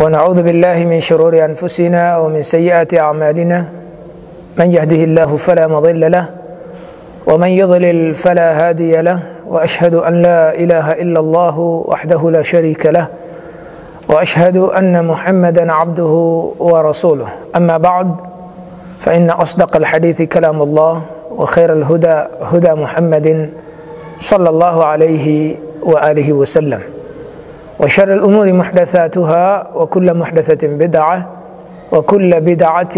ونعوذ بالله من شرور أنفسنا ومن سيئات أعمالنا من يهده الله فلا مضل له ومن يضلل فلا هادي له وأشهد أن لا إله إلا الله وحده لا شريك له وأشهد أن محمدا عبده ورسوله أما بعد فإن أصدق الحديث كلام الله وخير الهدى هدى محمد صلى الله عليه وآله وسلم وشر الأمور محدثاتها وكل محدثة بدعة وكل بدعة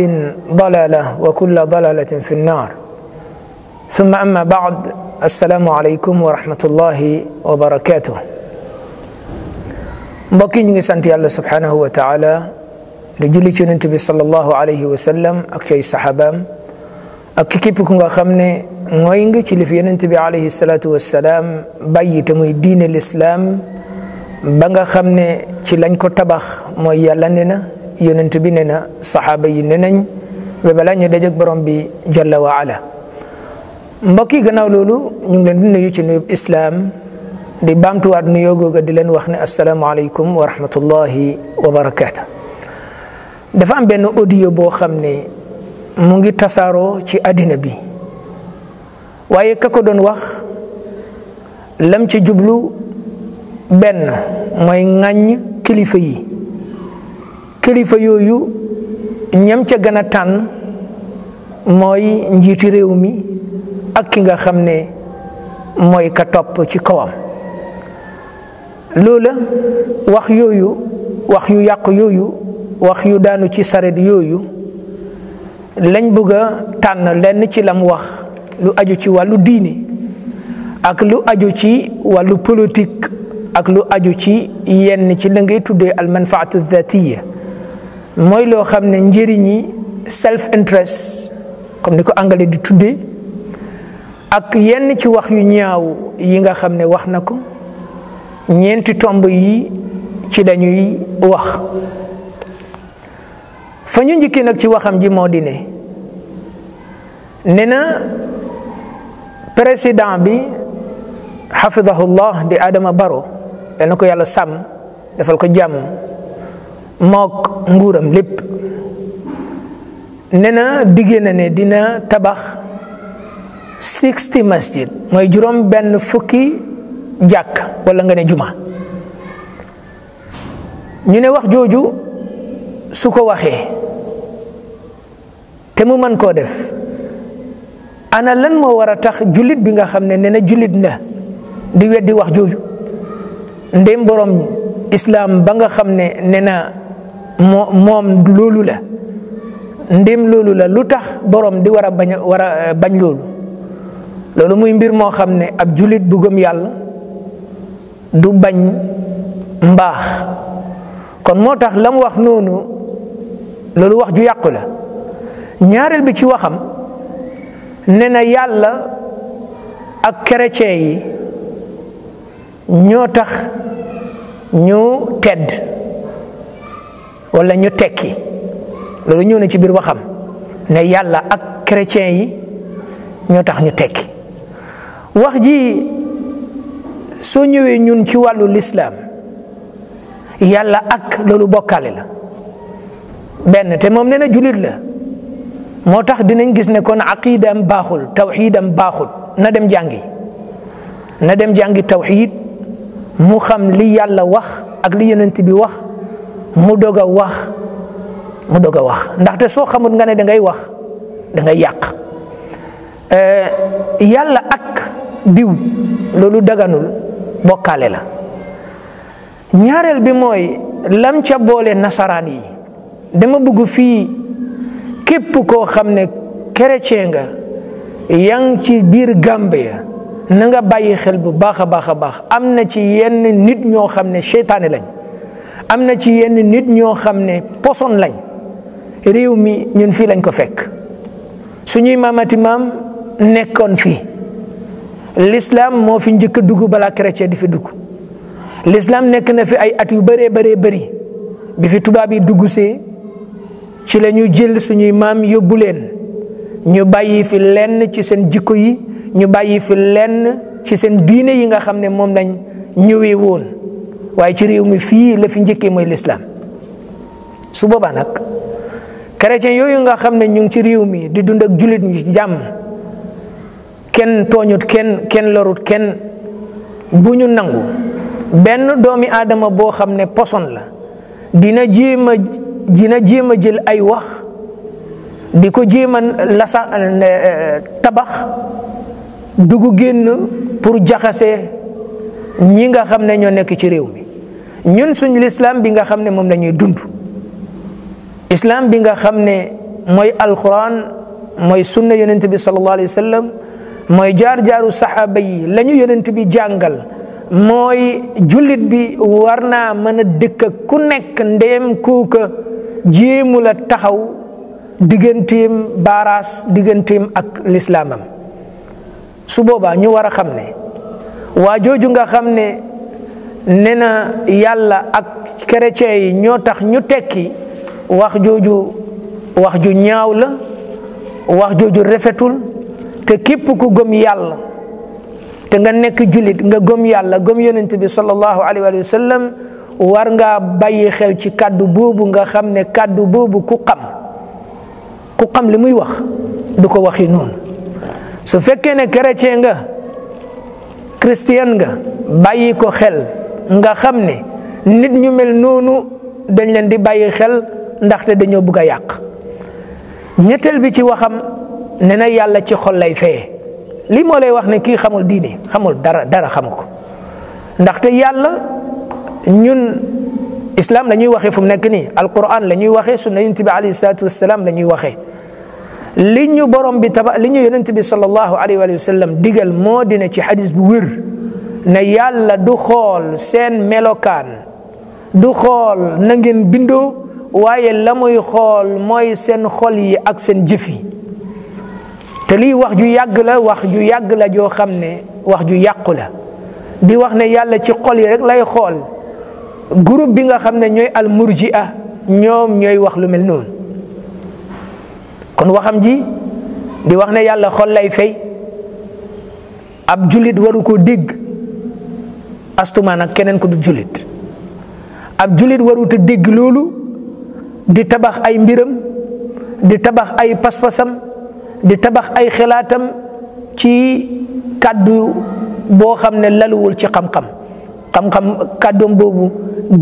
ضلالة وكل ضلالة في النار ثم أما بعد السلام عليكم ورحمة الله وبركاته مبكين يسانتي الله سبحانه وتعالى رجل تنتبه صلى الله عليه وسلم أكي الصحابة أكي nga xam ne mooy النبي عليه الصلاة والسلام yonent الدين الإسلام salaatu ba nga xam ne ci lañ ko tabax mooy yàlla ne na yonent bi ne na saxaaba yi ne nañ ba balaa ñu dajeeg borom bi jalla wa ala mbokk yi gannaaw loolu ñu ngi leen di nuyu ci nuyub islaam di baamtuwaat nuyoo googa di leen wax ne asalaamaaleykum wa rahmatullahi wa barakaatu. dafa am benn audio boo xam ne mu ngi tasaaroo ci àddina bi waaye ka ko doon wax lam ci jublu. benn mooy ŋàññ kilifa yi kilifa yooyu ñam ca gën a tànn mooy njiiti réew mi ak ki nga xam ne mooy ka topp ci kawam loola wax yooyu wax yu yàq yooyu wax yu daanu ci saret yooyu lañ bëgg a tànn lenn ci lam wax lu aju ci wàllu diine ak lu aju ci wàllu polotik ak lu aju ci yenn ci la ngay tuddee al manfaatu dhatiya mooy loo xam ne njëriñi self interest comme ni ko anglais di tudde ak yenn ci wax yu ñaaw yi nga xam ne wax na ko ñeenti tomb yi ci lañuy wax fa ñu njëkkee nag ci waxam ji moo di ne ne na président bi xafidahu llah di Adama baro yal na ko yàlla sàmm defal ko jàmm mook nguuram lépp nee na ne dina tabax 60 masjid mooy juróom benn fukki jàkk wala nga juma ñu ne wax jooju su ko waxee te mu mën koo def ana lan moo war tax jullit bi nga xam ne nee na di weddi wax jooju ndem borom islaam ba nga xam ne nee na moom loolu la ndem loolu la lu tax borom di war a euh, bañ loolu loolu muy mbir moo xam ne ab julit bu gëm yàlla du bañ mbaax kon moo tax la wax noonu loolu wax ju yàqu la ñaareel bi ci waxam ne na yàlla ak chrétien yi ñoo tax ñu tedd walla ñu tekki loolu ñëw ne ci biir waxam ne yàlla ak chrétien yi ñoo tax ñu tekki wax ji soo ñëwee ñun ci wàllu lislaam yàlla ak loolu bokkale la benn te moom nee na jullit la moo tax dinañ gis ne kon aqidaam baaxul tawxidam baaxul na dem jàngi na dem jàngi tawxid mu xam li yàlla wax ak li yonent bi wax mu dog a wax mu dog a wax ndaxte soo xamul nga ne dangay wax da ngay yàq eh, yàlla ak biw loolu daganul bokkaale la ñaareel bi mooy lam ca boole nasaraan yi dama bëgg fii képp koo xam ne chrétien nga yang ci biir Gambia nanga nga bàyyi xel bu baax a baax a baax am na ci yenn nit ñoo xam ne seytaane lañ am na ci yenn nit ñoo xam ne poson lañ réew mi ñun fii lañ ko fekk suñuy maamati maam nekkoon fii l'islam moo fi njëkk a dugg balaa chrétien di fi dugg l'islam nekk na fi ay at yu bëree bëree bëri bi fi tubaab yi dugg see ci lañu jël suñuy maam yóbbu leen ñu bàyyi fi lenn ci seen jikko yi ñu bàyyi fi lenn ci seen diine yi nga xam ne moom lañ ñëwee woon waaye ci réew mi fii la fi njëkkee mooy lislaam su boobaa nag chrétien yooyu nga xam ne ñu ngi ci réew mi di dund ak jullit ñi jàmm kenn tooñut kenn kenn lorut kenn bu ñu nangu benn doomi aadama boo xam ne poson la dina jéem a dina jéem a jël ay wax di ko jéem a lasa euh, tabax dugg génn pour jaxase ñi nga xam ne ñoo nekk ci réew mi ñun suñ lislaam bi nga xam ne moom la ñuy dund islaam bi nga xam ne mooy alquran mooy sunna yonent bi sallallahu alayhi wa mooy jaar-jaaru saxaaba yi la ñu bi jàngal mooy jullit bi war naa mën a dëkk ku nekk ndéem kuuka jéemu la taxaw digganteem baaraas digganteem ak lislaamam su boobaa ñu war a xam ne waa jooju nga xam ne ne na yàlla ak chrétien yi ñoo tax ñu tekki wax jooju wax ju ñaaw la wax jooju rafetul te képp ku gëm yàlla te nga nekk julit nga gëm yàlla gëm yonent bi sallallahu alayhi wa sallam war nga bàyyi xel ci kàddu boobu nga xam ne kàddu boobu ku xam ku xam li muy wax du ko waxi noonu su fekkee ne chrétien nga chrétien nga bàyyi ko xel nga xam ne nit ñu mel noonu dañ leen di bàyyi xel ndaxte dañoo bugg a yàq ñetteel bi ci waxam ne na yàlla ci xol lay feye lii moo lay wax ne kii xamul diini xamul dara dara xamu ko ndaxte yàlla ñun islam la ñuy waxee fu mu al nii alquran la ñuy waxee sunna yonent bi alayhi salaatu wassalaam la ñuy waxee li ñu borom bi taba li ñu yonent bi sallallahu alayhi wa sallam digal moo dina ci xadis bu wér na yàlla du xool seen melokaan du xool na ngeen bindoo waaye la muy xool mooy seen xol yi ak seen jëf yi te lii wax ju yàgg la wax ju yàgg la joo xam ne wax ju yàqu la di wax na yàlla ci xol yi rek lay xool groupe bi nga xam ne ñooy almurjia ñoom ñooy wax lu mel noonu kon waxam ji di wax ne yàlla xol lay fay ab julit waru koo dégg astuma nag keneen kudu julit jullit ab jullit warut a dégg loolu di tabax ay mbiram di tabax ay paspasam di tabax ay xalaatam ci kàddu boo xam ne laluwul ci xam-xam xam-xam kàddoom boobu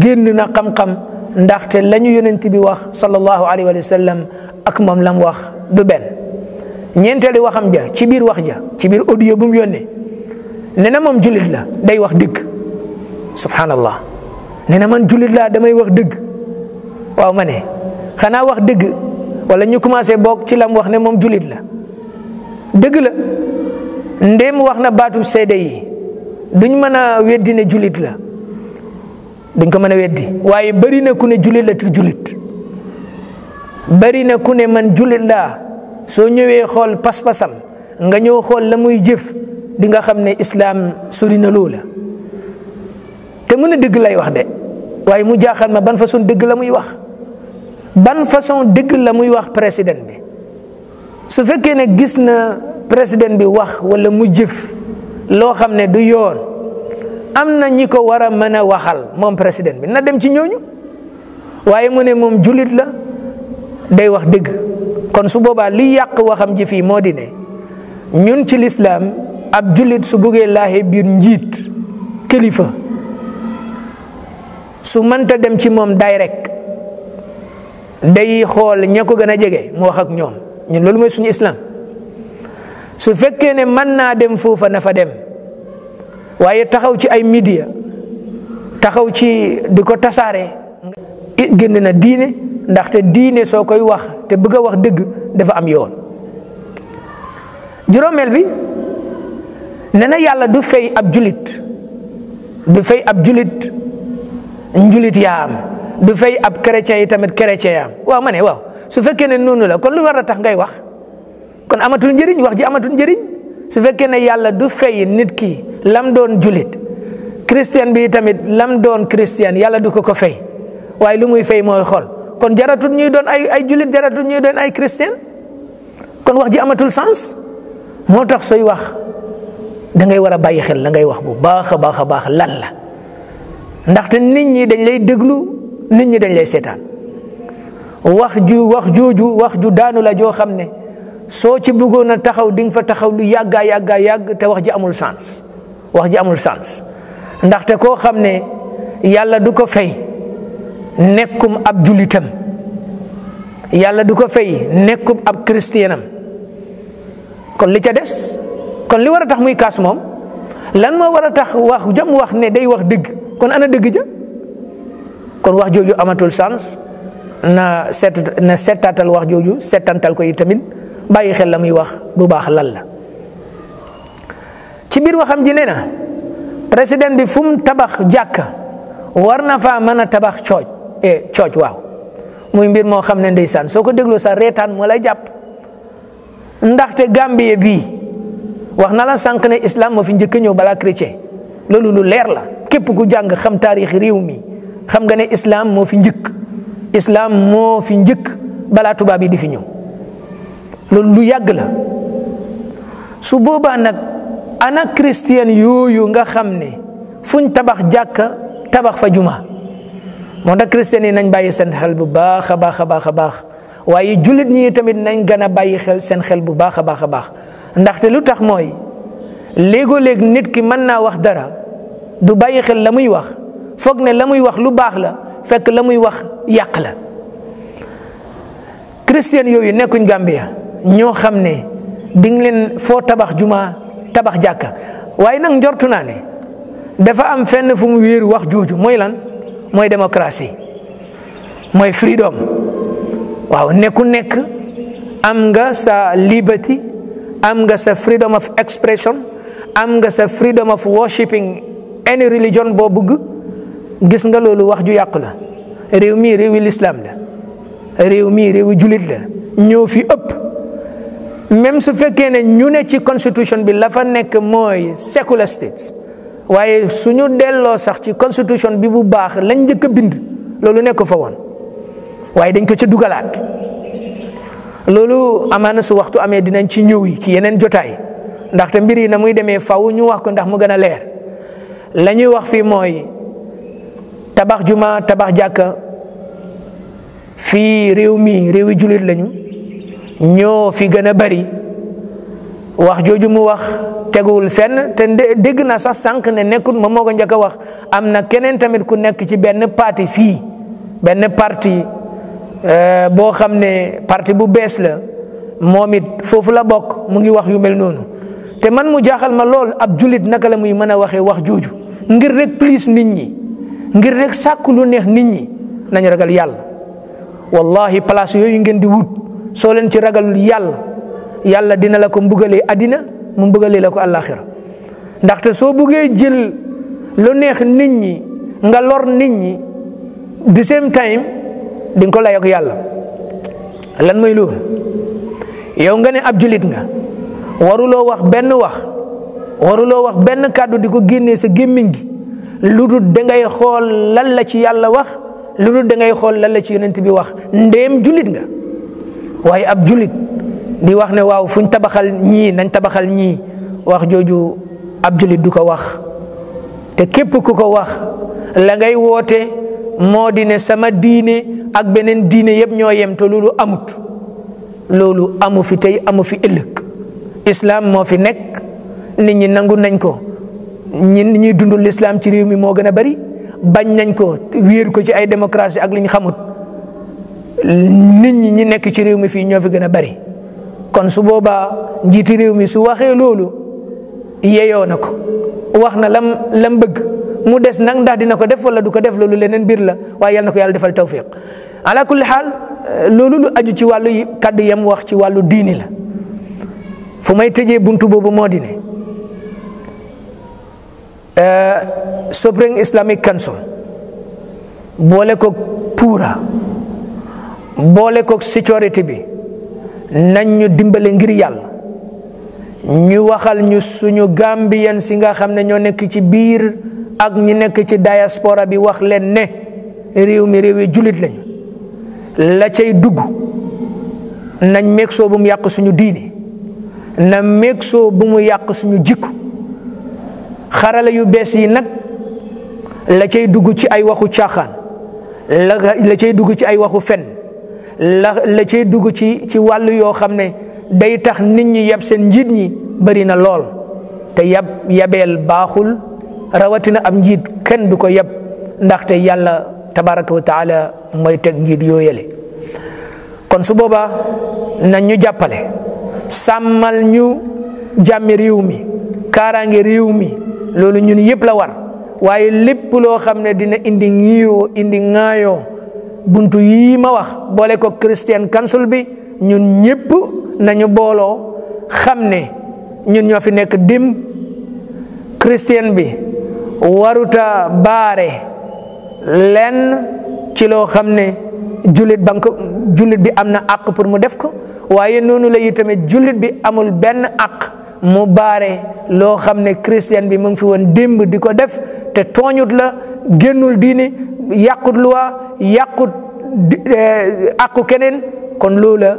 génn na xam-xam ndaxte lañu ñu yonent bi wax sallallahu alayhi wa sallam ak moom lam wax du ben ñeenteeli waxam ja ci biir wax ja ci biir audio bu mu yónnee nee na moom jullit la day wax dëgg subhanallah nee na man jullit laa damay wax dëgg waaw ma ne xanaa wax dëgg wala ñu commencé bokk ci lam wax ne moom jullit la dëgg la ndéem wax na baatu seede yi duñ mën a weddi ne jullit la. dañ ko wedi, wéddi weddi waaye bari na ku ne julit la tu julit bari na ku ne man julit la soo ñëwee xool pas-pasam nga ñëw xool la muy jëf di nga xam islam sori na loola te mën a dëgg lay wax de waaye mu jaaxal ma ban façon dëgg la muy wax ban façon dëgg la muy wax président bi su fekkee ne gis na président bi wax wala mu jëf loo xam du yoon amna ñi ko wara mëna waxal mom président bi na dem ci ñooñu waye mu ne mom julit la day wax deug kon su boba li yaq waxam ji fi modi ne ñun ci l'islam ab julit su buggee lahi bir njit kalifa su mënta dem ci mom direct day xol ñako gëna jégé mo wax ak ñoom ñun loolu moy suñu islam su fekke ne man na dem fofu na fa dem waaye taxaw ci ay media taxaw ci di ko tasaare génn na diine ndaxte diine soo koy wax te bëgg a wax dëgg dafa am yoon juróomeel bi nee na yàlla du fay ab julit du fay ab julit njulit yaa am du fey ab chrétien yi tamit chrétien yaa am waaw ma ne waaw su fekkee ne noonu la kon lu war a tax ngay wax kon amatul njëriñ wax ji amatul njëriñ su fekkee ne yàlla du fay nit ki lam doon julit christian bi tamit lam doon christian yàlla du ko ko fay waaye lu muy fay mooy xol kon jaratul ñuy doon ay ay julit jaratul ñuy doon ay christian kon wax ji amatul sens moo tax sooy wax dangay ngay war a bàyyi xel la ngay wax bu baax baax a baax lan la ndaxte nit ñi dañ lay déglu nit ñi dañ lay seetaan wax ju wax jooju wax ju daanu la joo xam ne. soo ci bëggoon a taxaw di nga fa taxaw lu yàggaa yàggaa yàgg te wax ji amul sens wax ji amul sens ndaxte koo xam ne yàlla du ko fay nekkum ab jullitam yàlla du ko fay nekkum ab christianam kon li ca des kon li war a tax muy kaas moom lan moo war a tax wax jam wax ne day wax dëgg kon ana dëgg ja kon wax jooju amatul sens na seet na wax jooju setantal ko yi tamit bàyyi xel la muy wax bu baax lan la ci biir waxam ji nee na président bi fum mu tabax jàkka war na faa mën a tabax cooj e cooj waaw muy mbir moo xam ne ndeysaan soo ko dégloo sa reetaan moo lay jàpp ndaxte Gambie bii wax na la sànq ne islam moo fi njëkk ñëw balaa chrétien loolu lu leer la képp ku jàng xam taarix réew mi xam nga ne islam moo fi njëkk islam moo fi njëkk balaa tubaab yi di fi ñëw loolu lu yàgg la su boobaa nag ana christian yooyu nga xam ne fuñ tabax jàkka tabax fa juma moo tax christian yi nañ bàyyi seen xel bu baax a baax a baax a baax waaye jullit ñi tamit nañ gën a bàyyi xel seen xel bu baax a baax a baax ndaxte lu tax mooy léegoo-léeg nit ki mën naa wax dara du bàyyi xel la muy wax foog ne la muy wax lu baax la fekk la muy wax yàq la christian yooyu nekkuñ Gambia ño xam ding di leen tabax juma tabax jaka. way nak njortu ne dafa am fenn fu mu wéeru wax joju moy lan moy démocratie moy freedom waaw ne ku am nga sa liberty am nga sa freedom of expression am nga sa freedom of worshipping any religion bobugu. bëgg gis nga lolu wax ju yaq la rew mi rew l'islam la rew mi rew julit la ñoo fi upp même su fekkee ne ñu ne ci constitution bi la fa nekk mooy secular states waaye su ñu delloo sax ci constitution bi bu baax lañ njëkk a bind loolu nekk fa woon waaye dañ ko ca dugalaat loolu amaana su waxtu amee dinañ ci ñëw yi ci yeneen jotaay ndaxte mbir yi na muy demee faw ñu wax ko ndax mu gën a leer la ñuy wax fii mooy tabax juma tabax jàkka fii réew mi réewi jullit lañu ñoo fi gën bari wax jooju mu wax tegul fenn te dégg na sax sànq ne nekkul moom moo ko njëkk a wax am na keneen tamit ku nekk ci benn parti fii benn parti eh, boo xam ne parti bu bees la moom it foofu la bokk mu ngi wax yu mel noonu te man mu jaaxal ma lool ab julit naka la muy mën a waxee wax jooju ngir rek plus nit ñi ngir rek sàkk lu neex nit ñi nañu ragal yàlla wallahi place yooyu ngeen di wut soo leen ci ragalul yàlla yàlla dina la ko mbugalee àddina mu mbugalee la ko àllaaxira ndaxte soo buggee jël lu neex nit ñi nga lor nit ñi the same time di nga ko layoog yàlla lan mooy loolu yow nga ne ab julit nga waruloo wax benn wax waruloo wax benn kàddu di ko génnee sa gémmiñ gi lu dul da xool lan la ci yàlla wax lu dul da ngay xool lan la ci yonent bi wax ndéem julit nga waaye ab julit di wax ne waaw fuñ tabaxal ñii nañ tabaxal ñii wax jooju ab julit du ko wax te képp ku ko wax la ngay woote moo di ne sama diine ak beneen diine yëpp ñoo yem te loolu amut loolu amu fi tey amu fi ëllëg islam moo fi nekk nit ñi nangu nañ ko ñun ñuy dundul lislaam ci réew mi moo gën a bari bañ nañ ko wéer ko ci ay démocratie ak li ñu xamut nit ñi ñi nekk ci réew mi fii ñoo fi gën a bari kon su boobaa njiiti réew mi su waxee loolu yeyoo na ko wax na lam lam bëgg mu des nag ndax dina ko def wala du ko def loolu leneen mbir la waaye yal na ko yàlla defal tawfiq ala kulli xaal euh, loolu lu aju ci wàllu kàddu yem wax ci wàllu diini la fu may tëjee buntu boobu moo di ne euh, Supreme Islamic Council boole ko puura boole kook sécurité bi nañ ñu dimbale ngir yàlla ñu waxal ñu suñu gambien si nga xam ne ñoo nekk ci biir ak ñi nekk ci dayaspoora bi wax leen ne réew mi réew yi jullit lañu la cay dugg nañ meeg soo bu mu yàq suñu diini na meeg bu mu yàq suñu jikk xarala yu bees yi nag la cay dugg ci ay waxu caaxaan la cey dugg ci ay waxu fen la la cay dugg ci ci wàll yoo xam ne day tax nit ñi yab seen njiit ñi bari na lool te yab yabeel baaxul rawatina am njiit kenn du ko yab ndaxte yàlla tabaraka wa taala mooy teg njiit yooyale kon su boobaa nañ ñu jàppale sàmmal ñu jàmmi réew mi kaaraange réew mi loolu ñun yëpp la war waaye lépp loo xam ne dina indi ñiiwoo indi ŋaayoo buntu yii ma wax boole ko Christian Council bi ñun ñëpp nañu booloo xam ne ñun ñoo fi nekk dimb Christian bi waruta baare lenn ci loo xam ne jullit bank jullit bi am na àq pour mu def ko waaye noonu la itamit jullit bi amul benn àq mu baare loo xam ne chrétien bi mu ngi fi woon démb di ko def te tooñut la génnul diine yàqut luwaa yàqut eh, àqu keneen kon loola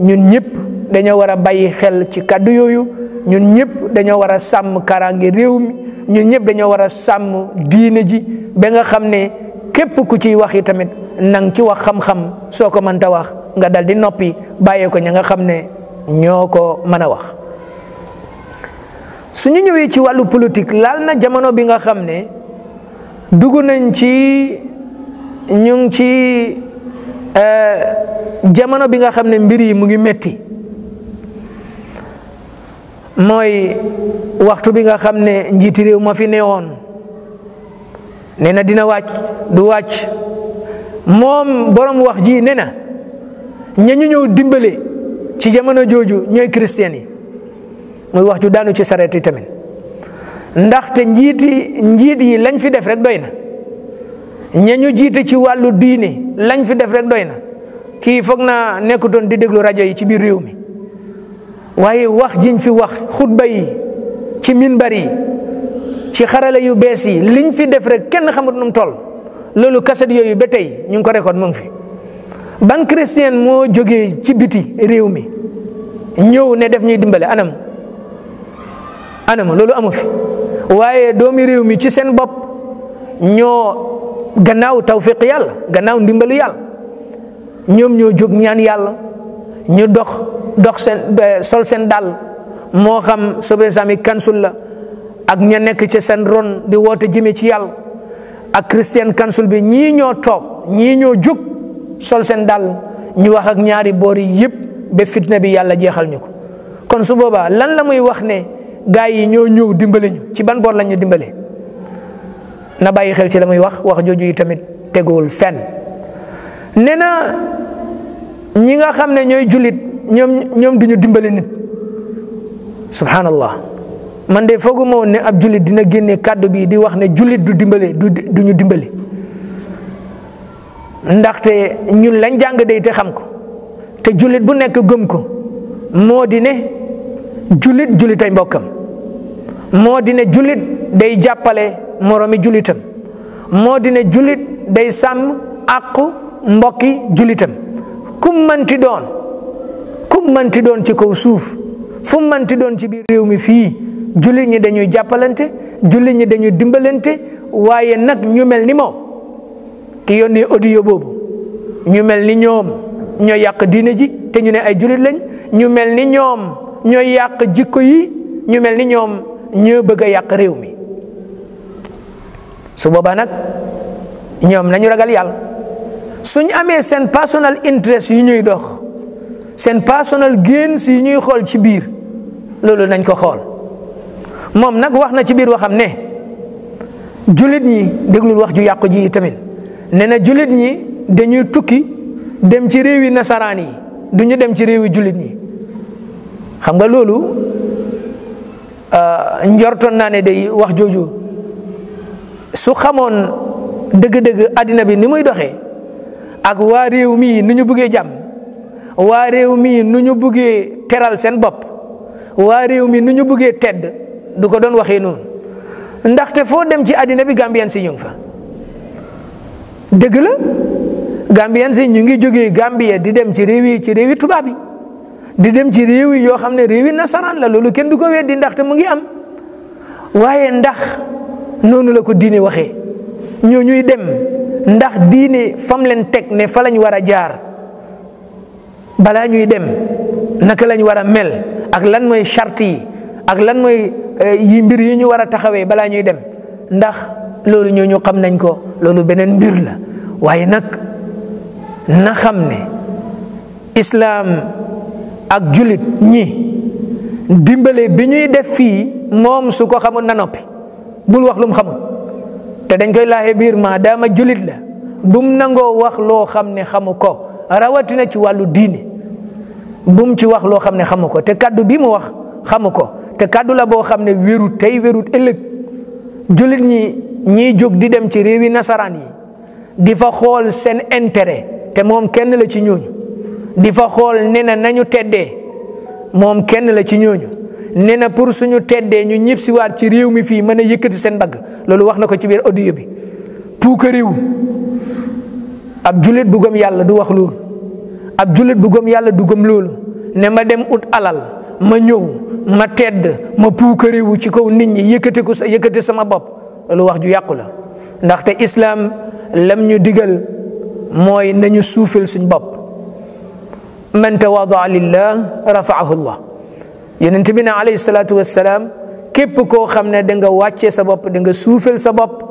ñun ñëpp dañoo war a bàyyi xel ci kàddu yooyu ñun ñëpp dañoo war a sàmm karange réew mi ñun ñëpp dañoo war a sàmm diine ji ba nga xam ne képp ku ciy wax yi tamit nang ci wax xam-xam soo ko mënta wax nga dal di noppi bàyyee ko ña nga xam ne ñoo ko mën a wax su ñu ñëwee ci wàllu politique laal na jamono bi nga xam ne dugg nañ ci ñu ngi ci euh, jamono bi nga xam ne mbir yi mu ngi metti mooy waxtu bi nga xam ne njiiti réew ma fi newoon nee na dina wàcc du wàcc moom borom wax ji nee na ña ñu ñëw dimbale ci jamono jooju ñooy chrétien mooy wax ju daanu ci sareet yi tamit ndaxte njiit yi njiit yi lañ fi def rek doy na ña ñu jiite ci wàllu diine lañ fi def rek doy na kii foog naa nekkutoon di déglu rajo yi ci biir réew mi waaye wax jiñ fi wax xutba yi ci bari yi ci xarale yu bees yi liñ fi def rek kenn xamut nu mu toll loolu kaset yooyu ba tey ñu ngi ko récolte mu fi ban chrétien moo jógee ci biti réew mi ñëw ne def ñuy dimbale anam anama loolu amu fi waaye doomi réew mi ci seen bopp ñoo gannaaw tawfiq yàlla gannaaw ndimbalu yàlla ñoom ñoo jóg ñaan yàlla ñu dox dox seen sol seen dàll moo xam sobresami kansul la ak ña nekk ci seen ron di woote jëme ci yàlla ak christian kansul bi ñii ñoo toog ñii ñoo jóg sol seen dàll ñu wax ak ñaari boor yi yëpp ba fitna bi yàlla jeexal ñu ko kon su lan la muy wax ne gaa yi ñoo ñëw dimbale ñu ci ban boor lañ ñu dimbale na bàyyi xel ci la muy wax wax jooju yi tamit teguwul fen ne na ñi nga xam ne ñooy jullit ñoom ñoom duñu dimbale nit subhanallah man de foogu ma woon ne ab jullit dina génne kàddu bii di wax ne jullit du dimbale du duñu dimbale ndaxte ñun lañ jàng day te xam ko te jullit bu nekk gëm ko moo di ne julit julitay mbokkam moo di ne julit day jàppale moroomi julitam moo di ne julit day sàmm àqu mbokki julitam kum manti doon kum manti doon ci kaw suuf fu manti doon ci biir réew mi fii jullit ñi dañuy jàppalante jullit ñi dañuy dimbalante waaye nag ñu mel ni moom ki yi audio boobu ñu mel ni ñoom ñoo yàq diine ji te ñu ne ay jullit lañ ñu mel ni ñoom ñooy yàq jikko yi ñu mel ni ñoom ñoo bëgg a yàq réew mi su boobaa nag ñoom nañu ragal yàlla suñ amee seen personal interest yu ñuy dox seen personal gains si ñuy xool ci biir loolu nañ ko xool moom nag wax na ci biir waxam ne jullit ñi déglul wax ju yàqu ji tamit nee na jullit ñi dañuy tukki dem ci réewi nasaraan yi du ñu dem ci réewi jullit ñi xam nga loolu euh, njortoon naa ne day wax jooju su xamoon dëgg-dëgg àddina bi ni muy doxee ak waa réew mii nu ñu buggee jàmm waa réew mii nu ñu buggee teral seen bopp waa réew mi nu ñu buggee tedd du ko doon waxee noonu ndaxte foo dem ci àddina bi gambien si ñu fa dëgg la gambien si ñu ngi jógee Gambia di dem ci réew yi ci réewi tubaab yi di dem ci réew yi yoo xam ne réewi nasaraan la loolu kenn du ko weddi ndaxte mu ngi am waaye ndax noonu la ko diine waxee ñoo ñuy dem ndax diine fam leen teg ne fa lañ war a jaar balaa ñuy dem naka lañ war a mel ak lan mooy charte yi ak lan mooy eh, yi mbir yi ñu war a taxawee balaa ñuy dem ndax loolu ñoo ñu xam nañ ko loolu beneen mbir la waaye nag na xam ne islaam ak julit ñi dimbale bi ñuy def fii moom su ko xamul na noppi bul wax lu mu xamul te dañ koy laaxe biir maa daama julit la bum nangoo wax loo xam ne xamu ko rawatina ci wàllu diine bum ci wax loo xam ne xamu ko te kaddu bii mu wax xamu ko te kaddu la boo xam ne wérut tey wérut ëllëg jullit ñi ñiy jóg di dem ci réewi nasaraan yi di fa xool seen intérêt te moom kenn la ci ñooñu di fa xool ne na nañu teddee moom kenn la ci ñooñu ne na pour suñu teddee ñu ñib siwaat ci réew mi fii mën a yëkkati seen bagg loolu wax na ko ci biir audio bi puuka réew ab jullit bu gëm yàlla du wax loolu ab jullit bu gëm yàlla du gëm loolu ne ma dem ut alal ma ñëw ma tedd ma puukariwu ci kaw nit ñi yëkkati ko sa yëkkati sama bopp loolu wax ju yàqu la ndaxte islaam lam ñu digal mooy nañu suufil suñ bopp man tawadaa lillah rafaahu llah yonent bi ne alayhi salaatu wassalaam képp koo xam ne da nga wàccee sa bopp da nga sa bopp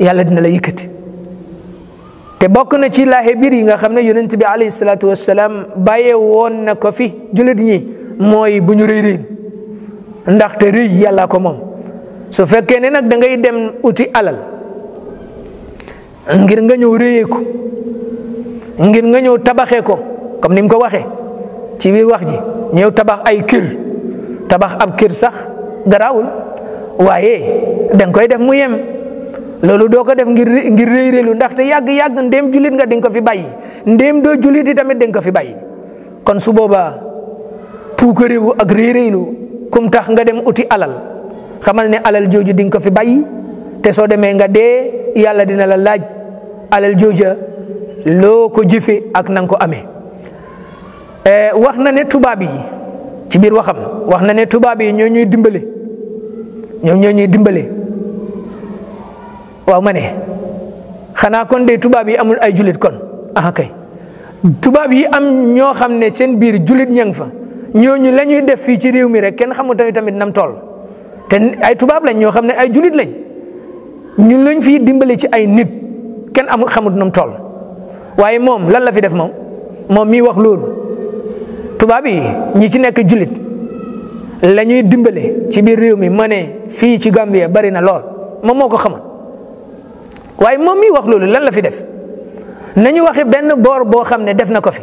yàlla dina la yëkkati te bokk na ci laaxe biir yi nga xam ne yonent bi alayhi salaatu wassalaam bàyyee woon na ko fi jullit ñi mooy bu ñu rëy rëy ndaxte rëy yàlla ko moom su fekkee ne nag da ngay dem uti alal ngir nga ñëw rëyee ko ngir nga ñëw tabaxee ko comme nim ko waxe ci biir wax ji ñew tabax ay kër tabax ab kër sax garawul waye dang koy def mu yem lolu ko def ngir ngir reey reelu ndax te yag yag ndem julit nga ding ko fi bayyi ndem do julit tamit ding ko fi bayyi kon su boba pukerewu ak reey reelu kum tax nga dem uti alal xamal ne alal joju ding ko fi bayyi te so deme nga de yalla dina la laaj alal joja loko jifé ak nang ko amé Eh, wax na ne tubaab yi ci biir waxam wax na ne tubaab yi ñoo ñuy dimbale ñoom ñoo ñuy dimbale waaw ma ne xanaa kon de tubaab yi amul ay julit kon ah tubaab yi am ñoo xam ne seen biir julit ña nga fa ñooñu la ñuy def fii ci réew mi rek kenn xamut tamit nam tool te ay tubaab lañ ñoo xam ne ay julit lañ ñun lañ fii dimbale ci ay nit kenn amul xamut nam tool waaye moom lan la fi def moom moom mii wax loolu. tubaab yi ñi ci nekk julit lañuy dimbale ci biir réew mi ma ne fii ci Gambie bari na lool moom moo ko xamoon waaye moom mi wax loolu lan la fi def nañu waxe benn boor boo xam ne def na ko fi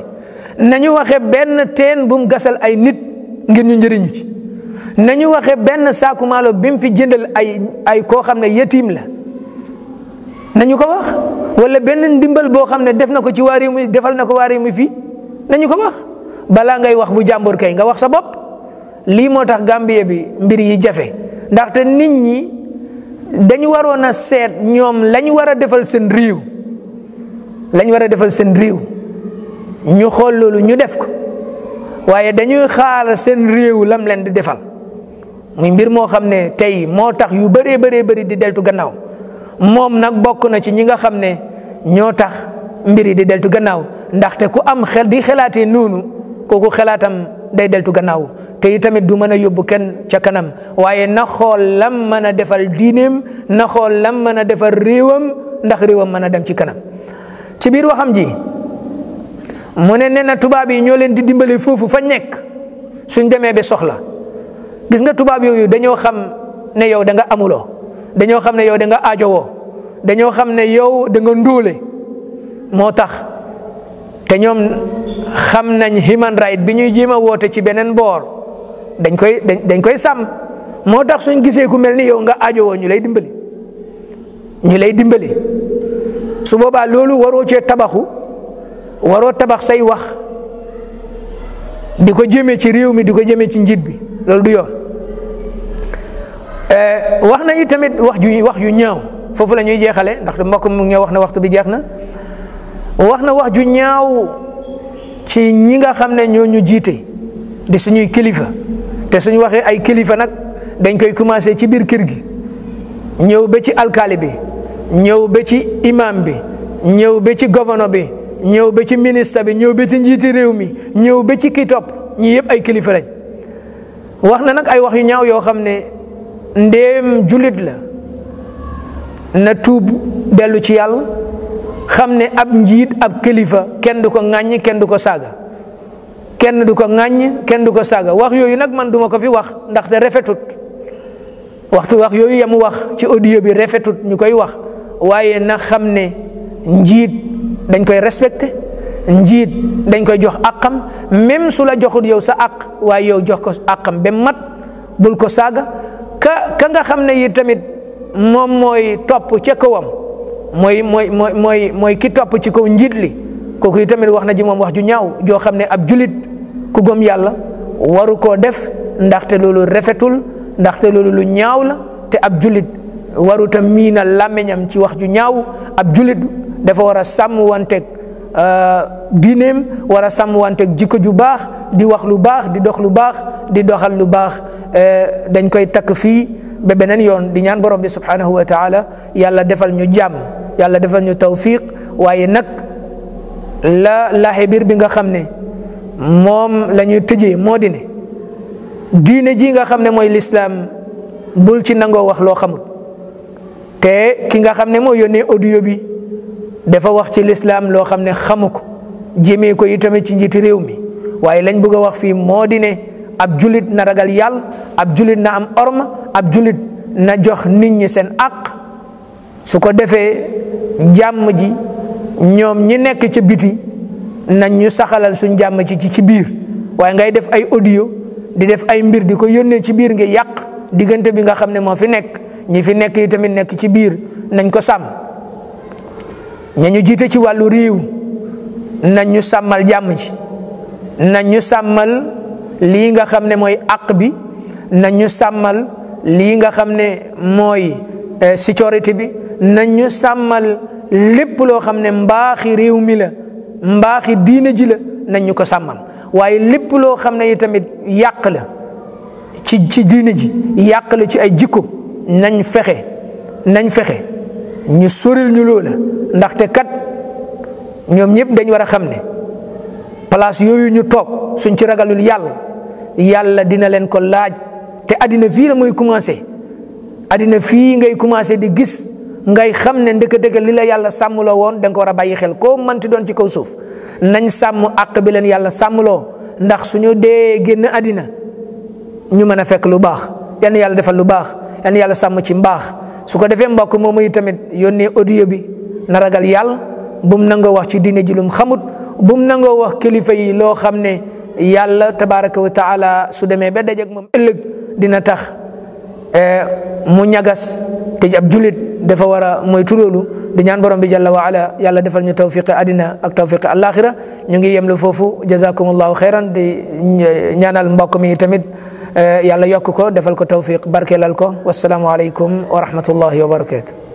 nañu waxe benn teen bu gasal ay nit ngir ñu njëriñu ci nañu waxe benn saaku maalo bi mu fi jëndal ay ay koo xam ne yatiim la nañu ko wax wala benn ndimbal boo xam ne def na ko ci waa réew mi defal na ko waar réew mi fii nañu ko wax balaa ngay wax bu jàmbur kay nga wax sa bopp lii moo tax Gambie bi mbir yi jafe ndaxte nit ñi dañu waroon a seet ñoom lañu war a defal seen réew lañ war a defal seen réew ñu xool ñu def ko waaye dañuy xaar seen réew lam leen di defal muy mbir moo xam ne tey moo tax yu bëree bëree bëri di deltu gannaaw moom nag bokk na ci ñi nga xam ne ñoo tax mbir yi di deltu gannaaw ndaxte ku am xel di xalaatee noonu. kooku xalaatam day deltu gannaaw te i tamit du mën a yóbbu kenn ca kanam waaye na xool lam mën a defal diineem na xool lam mën a defal réewam ndax réewam mën a dem ci kanam ci biir waxam ji mu ne nee na tubaab yi ñoo leen di dimbali foofu fa nekk suñ demee ba soxla gis nga tubaab yooyu dañoo xam ne yow da nga amuloo dañoo xam ne yow danga nga aajowoo dañoo xam ne yow danga nga moo tax te ñoom xam nañ human right bi ñuy jéem a woote ci beneen boor dañ koy dañ koy sàmm moo tax suñ gisee ku mel ni yow nga ajowoo ñu lay dimbali ñu lay dimbali su boobaa loolu waroo cee tabaxu waroo tabax say wax di ko jëmee ci réew mi di ko jëmee ci njiit bi loolu du yoon eh, wax nañu tamit wax ju wax ju ñaaw foofu la ñuy jeexale ndax mbokk mu ñëw wax na waxtu bi jeex na wax na wax ju ñaaw ci ñi nga xam ne ñoo ñu jiite di suñuy kilifa te suñu waxee ay kilifa nag dañ koy commencé ci biir kër gi ñëw ba ci alkaali bi ñëw ba ci imam bi ñëw ba ci gouverneur bi ñëw ba ci ministre bi ñëw ba ci njiiti réew mi ñëw ba ci ki topp ñii yëpp ay kilifa lañ wax na nag ay wax yu ñaaw yoo xam ne ndéem jullit la na tuub dellu ci yàlla. xam ne ab njiit ab kilifa kenn du ko ŋàññ kenn du ko saaga kenn du ko ŋàññ kenn du ko saaga wax yooyu nag man duma ko fi wax ndaxte rafetut waxtu wax yooyu yamu wax ci audio bi rafetut ñu koy wax waaye na xam ne njiit dañ koy respecté njiit dañ koy jox àqam même su la joxut yow sa àq waaye yow jox ko àqam ba mat bul ko saaga ka ka nga xam ne yi tamit moom mooy topp ca kawam Moy, moy, moy, moy, moy ki top ci ko njiit li kooku tamit wax na ji mom wax ju ñaaw jo xamne ab julit ku gom yalla waru ko def ndaxte loolu refetul, ndaxte lolu lu ñaaw la te ab julit ta mina làmmiñam ci wax ju ñaaw ab julit dafa wara sam wante euh dinem wara sam wante jikko ju bax di wax lu bax di dox lu bax di doxal lu euh dañ koy tak fi be benen yon di ñaan borom bi subhanahu wa taala yalla defal ñu jamm yàlla defal ñu tawfiq waaye nag la laaxe biir bi nga xam ne moom lañuy tëje moo di ne diine ji nga xam ne mooy lislaam bul ci nangoo wax loo xamul te ki nga xam ne mooy yónnee audio bi dafa wax ci lislaam loo xam ne xamu ko jëmee ko itamit ci njiiti réew mi waaye lañ bëgg a wax fii moo di ab julit na ragal yàlla ab julit na am orma ab julit na jox nit seen àq su ko defee jàmm ji ñoom ñi nekk ca biti nañ ñu saxalal suñ jàmm ci ci biir waaye ngay def ay audio di def ay mbir di ko yónnee ci biir ngi yàq diggante bi nga xam ne moo fi nekk ñi fi nekk yi tamit nekk ci biir nañ ko sàmm ña ñu jiite ci wàllu réew nañ ñu sàmmal jàmm ji nañ ñu sàmmal lii nga xam ne mooy àq bi nañ ñu sàmmal lii nga xam ne mooy eh, sécurité bi nañ ñu sàmmal lépp loo xam ne mbaaxi réew mi la mbaaxi diina ji la nañu ko sàmmal waaye lépp loo xam ne tamit yàq la ci ci diine ji yàq la ci ay jikko nañ fexe nañ fexe ñu soril ñu loola ndaxte kat ñoom ñëpp dañ war a xam ne place yooyu ñu toog suñ ci ragalul yàlla yàlla dina leen ko laaj te àddina fii la muy commencé àddina fii ngay commencé di gis ngay xam ne ndëkk dëkk li la yàlla sàmmloo woon da war a bàyyi xel koo mënti doon ci kaw suuf nañ sàmm àq bi leen yàlla sàmmloo ndax suñu dee génn àddina ñu mën a fekk lu baax yan yàlla defal lu baax yan yàlla sàmm ci mbaax su ko defee mbokk moomu yi tamit yónnee audio bi na ragal yàlla bum nangoo wax ci diine ji lum xamut bum nangoo wax kilifa yi loo xam ne yàlla tabaaraka wa taala su demee ba dajeeg moom ëllëg dina tax. Eh, mu ñagas te ab julit dafa war a moytu loolu di ñaan borom bi jalla wa ala yàlla defal ñu tawfiqi àddina ak tawfiqi alaxira ñu ngi yemlu foofu jazakumullahu xeyran di ñaanal mbokk mi tamit eh, yàlla yokk ko defal ko tawfiq barkeelal ko wasalaamu aleykum wa rahmatullahi wa barakatu